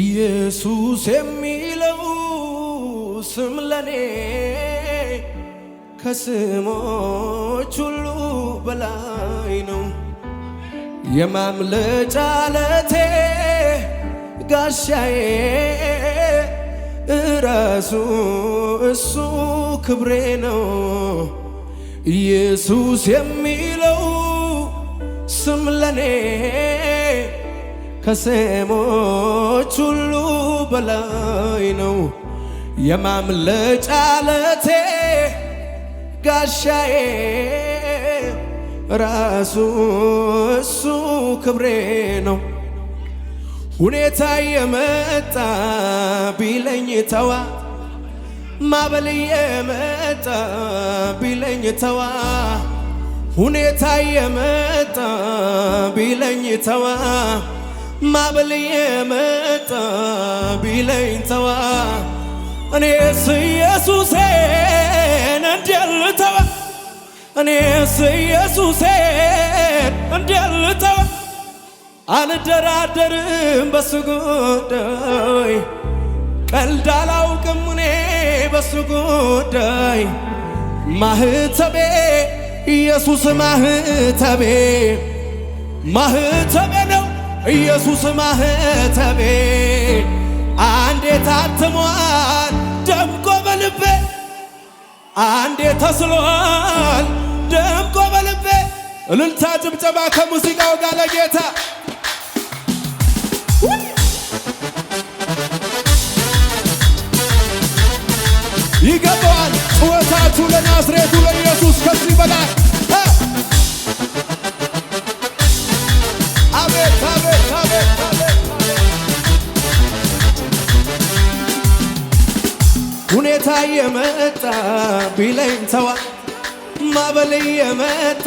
ኢየሱስ የሚለው ስም ለኔ ከስሞች ሁሉ በላይ ነው። የማምለጫ ለቴ ጋሻዬ ራሱ እሱ ክብሬ ነው። ኢየሱስ የሚለው ስም ለኔ ከስሞች ሁሉ በላይ ነው የማምለጫ አለቴ ጋሻዬ ራሱ እሱ ክብሬ ነው። ሁኔታ የመጣ ቢለኝ ተዋ ማበል የመጣ ቢለኝ ተዋ ሁኔታ የመጣ ቢለኝ ተዋ ማበልዬ መጣ ቢለኝ ተዋ እኔስ ኢየሱሴን እንዲልተዋ እኔስ ኢየሱሴን እንዲልተዋ አልደራደርም በሱ ጉዳይ ቀልድ አላውቅም እኔ በሱ ጉዳይ ማህተቤ ኢየሱስ ማህተቤ ማህተቤ ነው ኢየሱስ ማህተቤ አንዴ ታትሟል ደምቆ በልቤ አንዴ ተስሏል ደምቆ በልቤ። እልልታ ጭብጨባ ከሙዚቃው ጋር ለጌታ ይገባዋል። ጩኸታችሁ ለናዝሬቱ ለኢየሱስ ከዚህ በላይ የመጣ ቢለኝ ተዋ ማበል የመጣ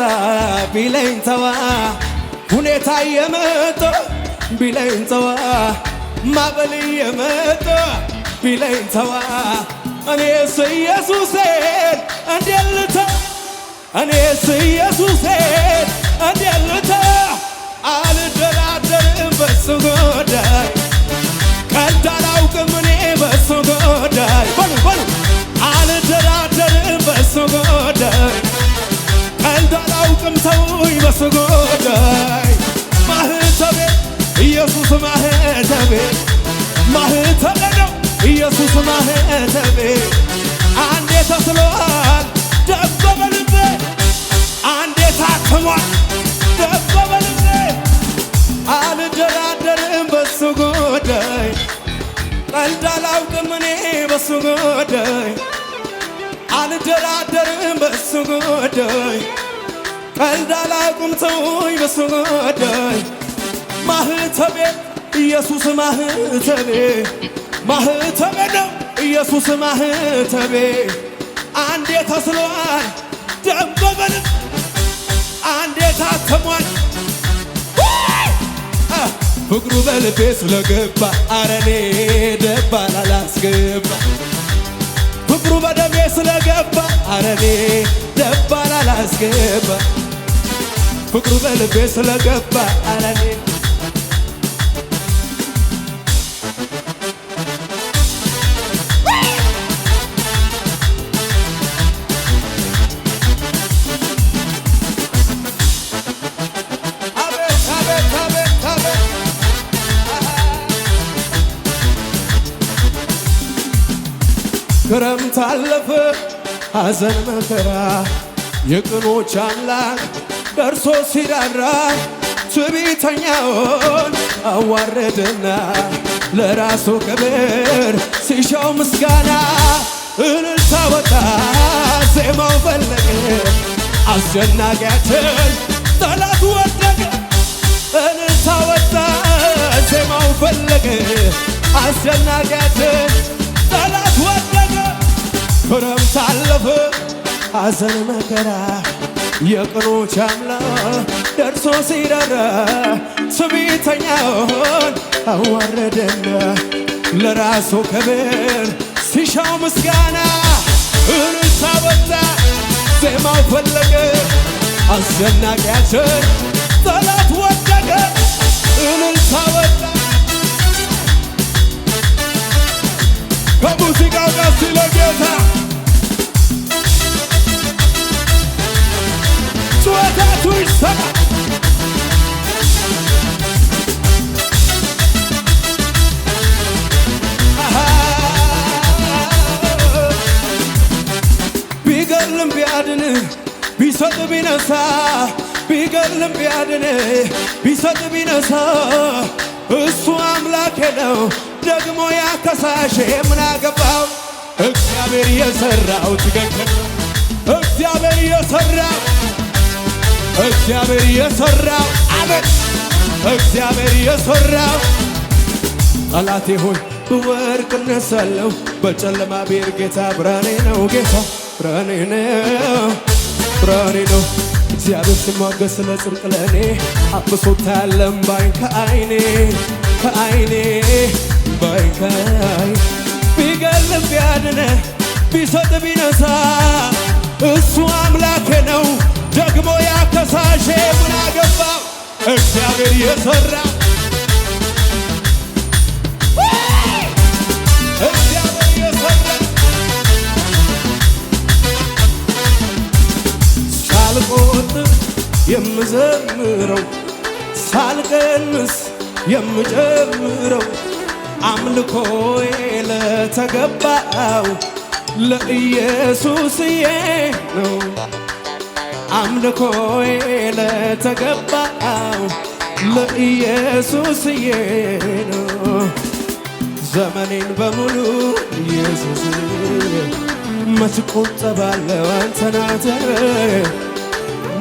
ቢለኝ ተዋ ሁኔታ ቢለኝ ተዋ ቢለኝ ተዋ እኔስ ኢየሱሴን እኔስ ኢየሱሴን አልደራደርም በሱ ቀልድ አላውቅም እኔ በሱ ጉዳይ አልደራደርም በሱ ጉዳይ ቀልድ አላውቅም ተውኝ በሱ አንዴ ተስሏል ደበበ አልደራ ቀልድ አላውቅም እኔ በሱ ጉዳይ አልደራደርም በሱ ጉዳይ ቀልድ አላውቅም ተውኝ በሱ ጉዳይ ማህተቤ ኢየሱስ ማህተቤ ማህተቤ ነው ኢየሱስ ማህተቤ አንዴ ተስሏል አንዴ ታተሟል ፍቅሩ በልቤ ስለገባ አረኔ ስለገባ አረኔ ደባል አላስገባ ፍቅሩ በልቤ ስለገባ አረኔ ክረምት አለፈ ሐዘን መከራ የቅኖች አምላክ ደርሶ ሲዳራ ትዕቢተኛውን አዋረደና ለራሱ ክብር ሲሻው ምስጋና እልልታ ወጣ ዜማው ፈለቀ አስጨናቂያችን ጠላት ወደቀ እልልታ ወጣ ዜማው ፈለቀ አስጨናቂያችን ጠላት ወደቀ ክረምት አለፈ ሐዘን መከራ የቅኖች አምላክ ደርሶ ሲደረ ትዕቢተኛውን አዋረደና ለራሱ ክብር ሲሻው ምስጋና ርዕስ አወጣ ዜማው ፈለገ አስደናቂያችን ጠላት ወደቀ እልልታ ወጣ ከሙዚቃው ጋር ሲለጌታ ጩኸታቱ ይሰማ ቢገልም ቢያድን ቢሰጥ ቢነሳ ቢገልም ቢያድን ቢሰጥ ቢነሳ እሱ አምላኬ ነው ደግሞ ያከሳሽ ምን አገባው እግዚአብሔር የሠራው ትክክል እግዚአብሔር የሠራው እግዚአብሔር የሰራው አመን እግዚአብሔር የሠራው ጠላቴ ሆይ ብወርቅ እነሳለሁ በጨለማ ብሔር ጌታ ብርሃኔ ነው ጌታ ብርሃኔ ነው ብርሃኔ ነው እግዚአብሔር ሲሟገስ ስለ ጽድቅ ለእኔ አብሶታ ያለም ከአይኔ ከአይኔ ባይን ከአይ ቢገልም ቢያድነ ቢሰጥ ቢነሳ እሱ አምላኬ ነው ደግሞ ምን አገባው እግዚአብሔር የሠራ እግዚአብሔር የሠራ ሳልቆጥር የምዘምረው ሳልቀንስ የምጨምረው አምልኮዬ ለተገባው ለኢየሱስዬ ነው። አምልኮዬ ለተገባው ለኢየሱስዬ ነው። ዘመኔን በሙሉ ኢየሱስ መች እቆጠባለሁ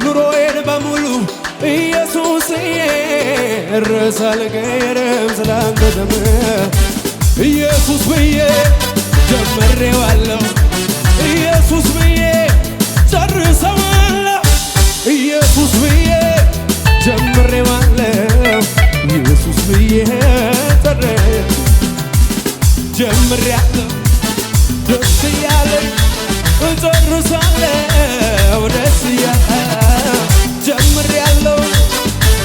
ኑሮዬን በሙሉ ኢየሱስዬ ርዕስ አልቀይርም ስላንተ ደም ኢየሱስ ብዬ ጀመሬዋለሁ ኢየሱስ ብዬ እየጠረ ጀምሬያለሁ ደስ እያለኝ እጨርሳለሁ ደስ እያለሁ ጀምሬያለሁ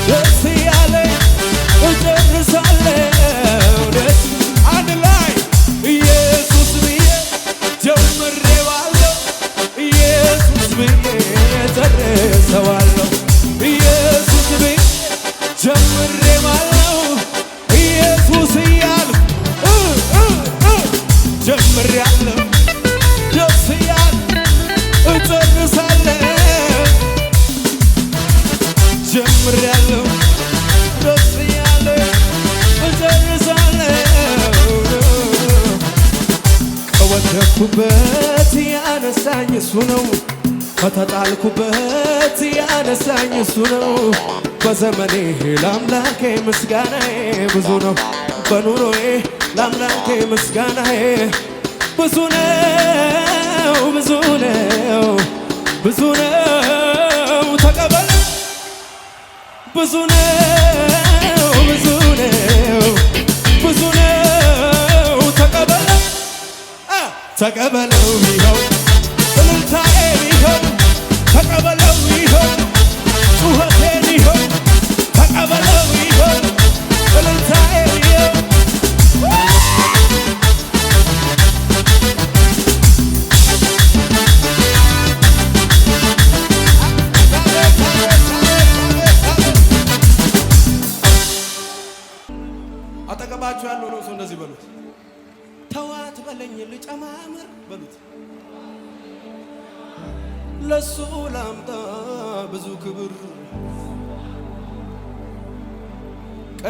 ደስ ያነሳኝ እሱ ነው። ከተጣልኩበት ያነሳኝ እሱ ነው። በዘመኔ ለአምላኬ ምስጋናዬ ብዙ ነው። በኑሮዬ ለአምላኬ ምስጋናዬ ብዙ ነው። ብዙ ነው። ብዙ ነው። ተቀበል ብዙ ነው። ብዙ ነው። ብዙ ነው። ተቀበል ተቀበለው ይኸው ጸበለው ይሆን ጩኸቴን ይሆን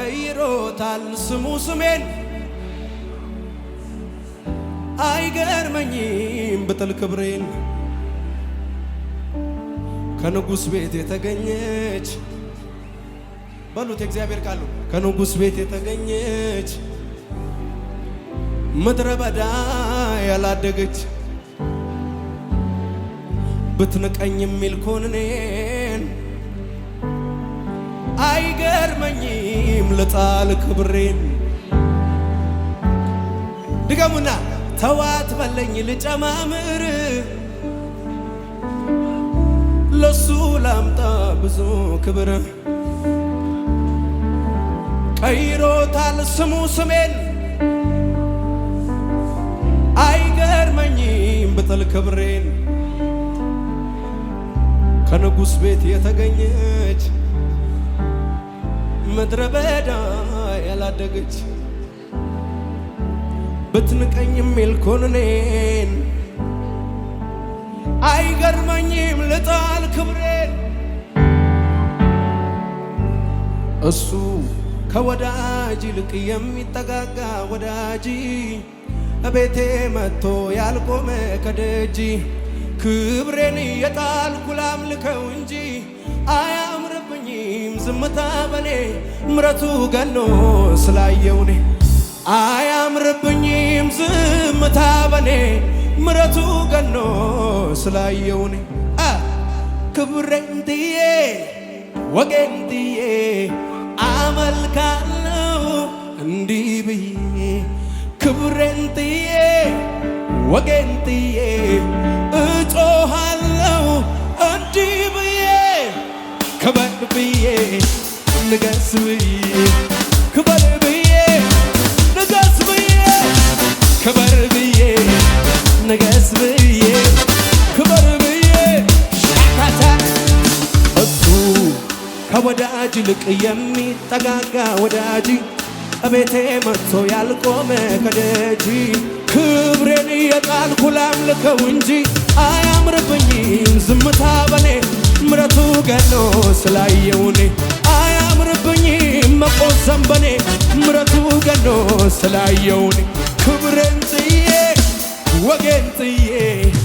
ቀይሮታል ስሙ ስሜን አይገርመኝም ብጥል ክብሬን ከንጉሥ ቤት የተገኘች በሉት እግዚአብሔር ቃሉ ከንጉሥ ቤት የተገኘች ምድረ በዳ ያላደገች ብትንቀኝ የሚል ኮንኔ አይገርመኝም ልጣል ክብሬን ድገሙና ተዋት በለኝ ልጨማምር ለሱ ላምጣ ብዙ ክብር ቀይሮታል ስሙ ስሜን አይገርመኝም ብጥል ክብሬን ከንጉሥ ቤት የተገኘች ምድረ በዳ ያላደገች ብትንቀኝ የሚል አይገርመኝም ልጣል ክብሬን እሱ ከወዳጅ ይልቅ የሚጠጋጋ ወዳጅ እቤቴ መጥቶ ያልቆመ ከደጅ ክብሬን እየጣልኩ ላምልከው እንጂ አያም አልችልም ዝምታ በኔ ምረቱ ገኖ ስላየውኔ አያምርብኝም ዝምታ በኔ ምረቱ ገኖ ስላየውኔ ክብሬን ጥዬ ወጌን ጥዬ አመልካል ከወዳጅ ልቅ የሚጠጋጋ ወዳጅ እቤቴ መጥቶ ያልቆመ ከደጅ ክብሬን እየጣልኩ ላምልከው እንጂ አያምርብኝም ዝምታ በኔ ምረቱ ገኖ ስላየውኔ አያምርብኝም መቆዘም በኔ ምረቱ ገኖ ስላየውኔ ክብሬን ጥዬ ወጌን ጥዬ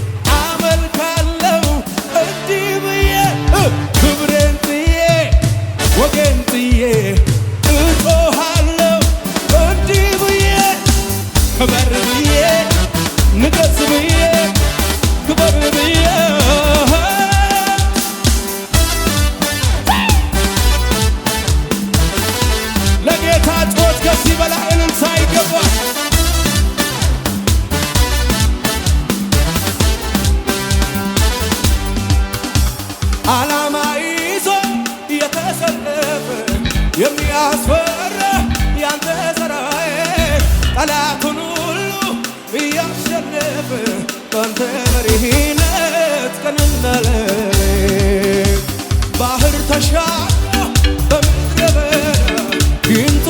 አላማ ይዞ የተሰለፈ የሚያስፈራ ያንተ ሰራዬ ጠላቱን ሁሉ እያሸነፈ ባንተ መሪነት ቀንና ባህር ተሻ በምድረ በዳ ይንጡ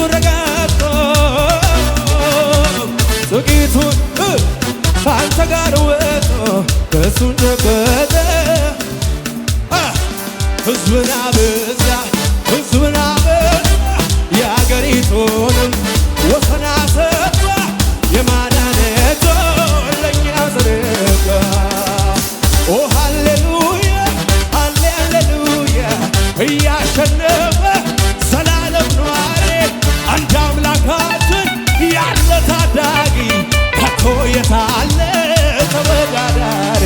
ያሸነፈ ዘላለም ነዋሪ አንድ አምላካችን ያለ ታዳጊ ከቶ የታለ ተወዳዳሪ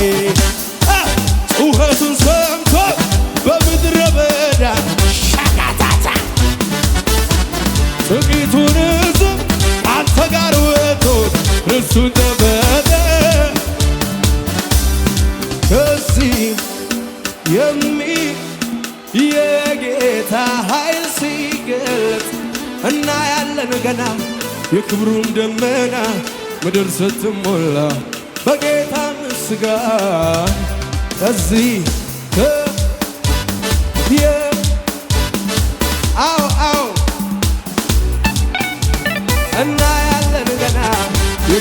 ጩኸቱን ሰምቶ በምድረ በዳ ሻጋታታ ጥቂቱን ሕዝብ አንተ ጋር ወጥቶት እርሱን ተበደ ከዚህ የሚ የጌታ ኃይል ሲገልጽ እና ያለን ገና የክብሩን ደመና ምድር ስትሞላ በጌታ ምስጋና እዚህ አው አው እና